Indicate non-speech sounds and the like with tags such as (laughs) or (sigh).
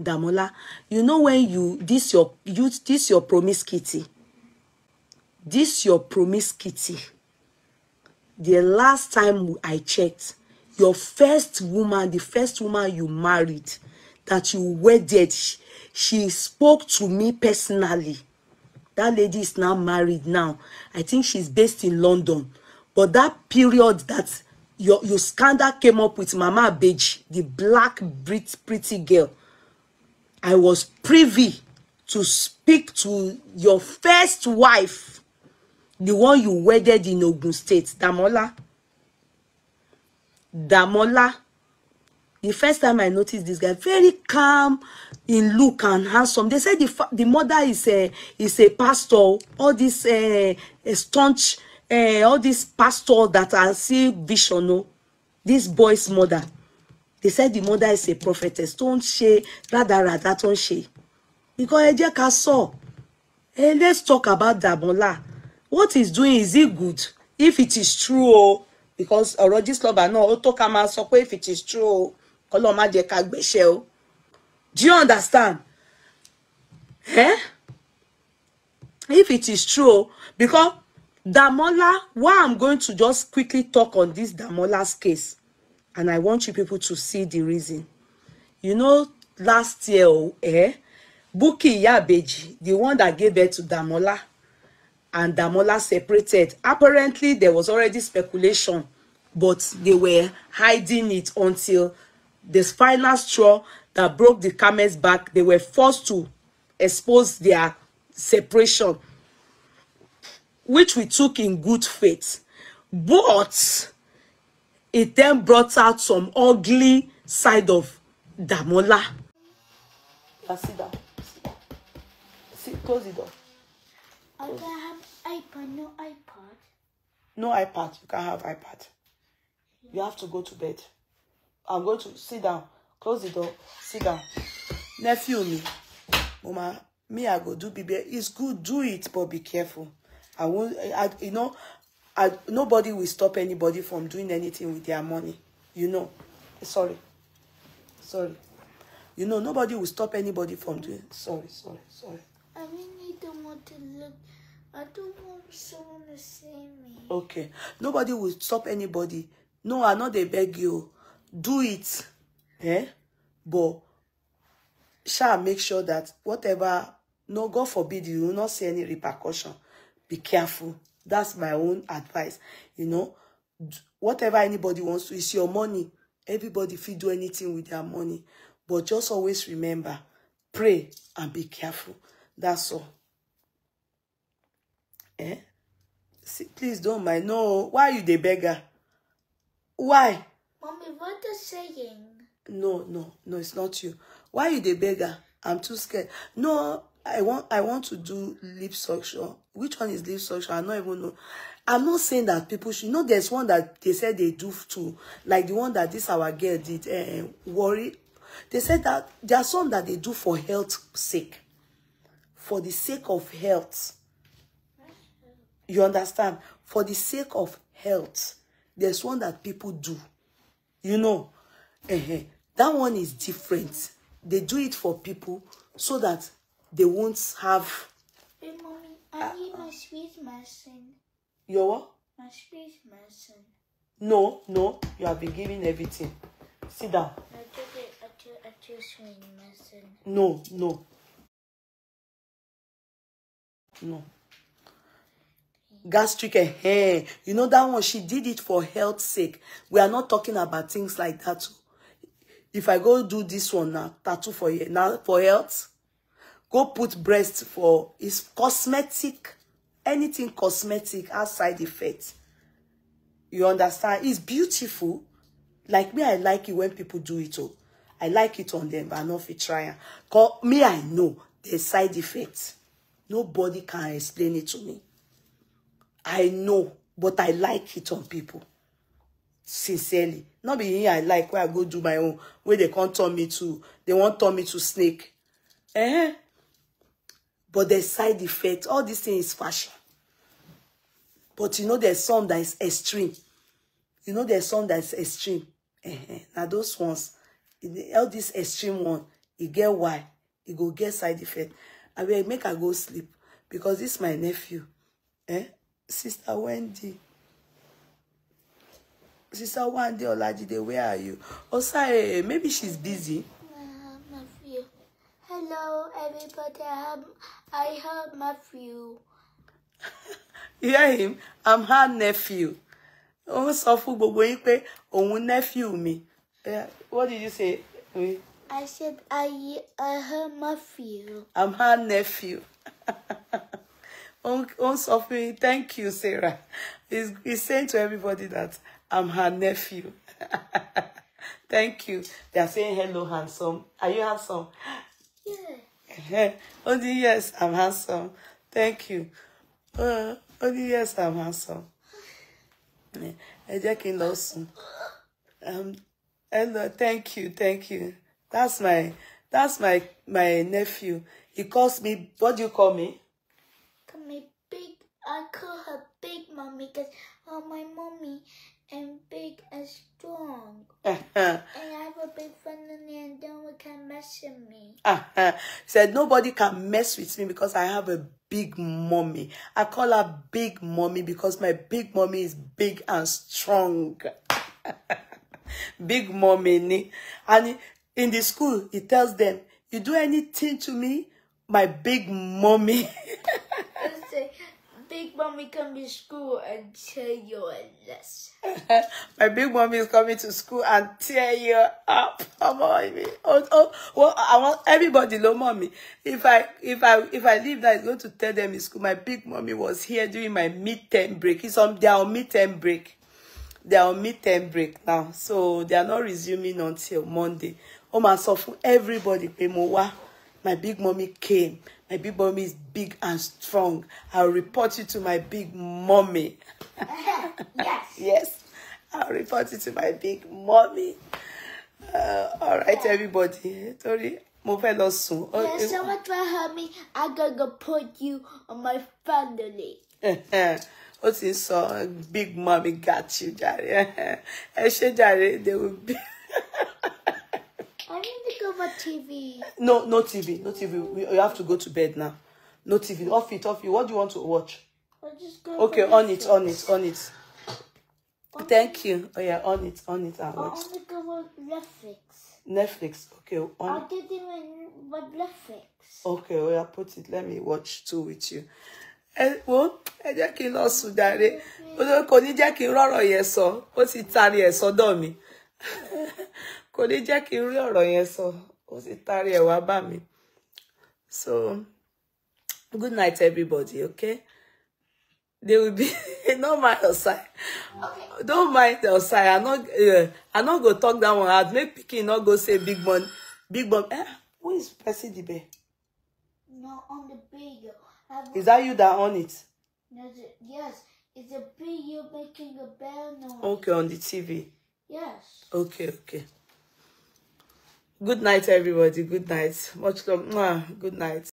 Damola, you know when you this your you this your promiscuity, this your promiscuity. The last time I checked, your first woman, the first woman you married, that you wedded, she, she spoke to me personally. That lady is now married now. I think she's based in London. But that period that your your scandal came up with Mama Beji, the black Brit, pretty girl I was privy to speak to your first wife, the one you wedded in Ogun State, Damola. Damola. The first time I noticed this guy, very calm in look and handsome. They said the, the mother is a, is a pastor, all this uh, staunch, uh, all this pastor that I see vision, no? Oh, this boy's mother they said the mother is a prophetess Don't ń rather rather don't ń because I just saw. sọ let's talk about Dàmọ́lá what he's doing is it good if it is true o because ọ̀rọ̀ Gistlover náà ó tó ká máa sọ if it is true o kọ́lọ́ do you understand eh? if it is true because Damola why I'm going to just quickly talk on this Damola's case and I want you people to see the reason. You know, last year, oh, eh, Buki Yabeji, the one that gave birth to Damola, and Damola separated. Apparently, there was already speculation, but they were hiding it until the final straw that broke the camel's back. They were forced to expose their separation, which we took in good faith. But it then brought out some ugly side of Damola. Now sit down. Sit close the door. I can have iPad, no iPad. No iPad. You can't have iPad. You have to go to bed. I'm going to sit down. Close the door. Sit down. Nephew me. Mama, me I go do baby. It's good, do it, but be careful. I won't I, you know, I, nobody will stop anybody from doing anything with their money. You know, eh, sorry, sorry. You know, nobody will stop anybody from doing. Sorry, sorry, sorry. I really don't want to look. I don't want someone to see me. Okay. Nobody will stop anybody. No, I know they beg you. Do it. Eh? But shall make sure that whatever, no, God forbid, you will not see any repercussion. Be careful. That's my own advice. You know, whatever anybody wants to, it's your money. Everybody fit do anything with their money. But just always remember, pray and be careful. That's all. Eh? See, please don't mind. No, why are you the beggar? Why? Mommy, what are saying? No, no, no, it's not you. Why are you the beggar? I'm too scared. No, I want I want to do lip suction. Which one is lip suction? I don't even know. I'm not saying that people should you know there's one that they said they do too, like the one that this our girl did uh, worry. They said that there are some that they do for health sake, for the sake of health. You understand? For the sake of health, there's one that people do. You know, uh eh, -huh. Eh. that one is different. They do it for people so that they won't have. Hey, mommy, I uh, need my sweet medicine. Your what? My sweet medicine. No, no, you have been giving everything. Sit down. I took it. I took. I took sweet medicine. No, no. No. Gastric, eh? You know that one. She did it for health sake. We are not talking about things like that. If I go do this one now, tattoo for you now for health, go put breast for is cosmetic anything cosmetic outside side effects you understand it's beautiful like me i like it when people do it all i like it on them but i if fit try am cause me i know the side effects nobody can explain it to me i know but i like it on people sincerely not be here i like where i go do my own wey they come turn me to they wan turn me to snake eh But the side effect. All this thing is fashion. But you know there's some that is extreme. You know there's some that is extreme. now those ones, all this extreme one, you e get why. You e go get side effect. I will make her go sleep. Because this my nephew. Eh? Sister Wendy. Sister Wendy Olajide, where are you? Oh, sorry, maybe she's busy. Hello, everybody. I'm, I have Matthew. you (laughs) hear him? I'm her nephew. Ó sọ but when you pé "oh nephew me. Yeah. What did you say? I said I I her nephew. I'm her nephew. Oh, (laughs) sọ fún thank you, Sarah. He's, he's saying to everybody that I'm her nephew. (laughs) Thank you. They are saying hello, handsome. Are you handsome? ó (laughs) ní yes i'm handsome thank you ó uh, ní yes i'm handsome ẹ jẹ́ kí n Um, sùn hello thank you thank you that's my that's my my nephew he calls me what do you call me. call me big i call her big mommy because oh my mommy I'm big and strong. Uh-huh. And I will be friendly and no one can mess with me. Uh-huh. Said nobody can mess with me because I have a big mommy. I call her big mommy because my big mommy is big and strong. (laughs) big mommy. And in the school, he tells them, you do anything to me, my big mommy. (laughs) mommy coming to school and tell you a lesson. (laughs) My big mommy is coming to school and tear you up. Come on, me. Oh, oh, well, I want everybody know mommy. If I if I if I leave that, I'm going to tell them in school. My big mommy was here during my midterm break. It's on they're on midterm break. They're on midterm break now, so they are not resuming until Monday. Oh my! sọ everybody pé mo My big mommy came. My big mommy is big and strong. I'll report you to my big mommy. (laughs) yes. (laughs) yes. I'll report you to my big mommy. Uh, all right, yeah. everybody. Sorry, mo fẹ́ soon. sùn. If someone try help me, I'm gonna put you on my family. What's (laughs) ti ń big mommy got you daddy. Ẹ ṣé jàre, they will be. What TV? No, no TV. No TV. We, we have to go to bed now. No TV. Off it, off it. What do you want to watch? Okay, on it, on it, on it. On Thank you. Oh yeah, on it, on it and watch. I go Netflix. Netflix. Okay, on I'll give you my Netflix. Okay, well, oh, I'll put it. Let me watch two with you. Well, I ẹ jẹ́ kí n lọ sùn jàre kò ní jẹ́ kí n rọ́rọ̀ yẹn sọ ó ti (laughs) kò ní jẹ́ kí n rí ọ̀rọ̀ yẹn sọ ó sì tarí ẹ̀ wá bá mi so good night everybody okay they will be (laughs) no mind osai okay. don't mind osai i no uh, i no go talk that one out make pikin no go say big bun big bun eh who is pressing the bell. no on the video. Have is that you that on it. No, the, yes it's a video making a bell noise. okay on the tv. yes. okay okay. Good night, everybody. Good night. Much love. Good night.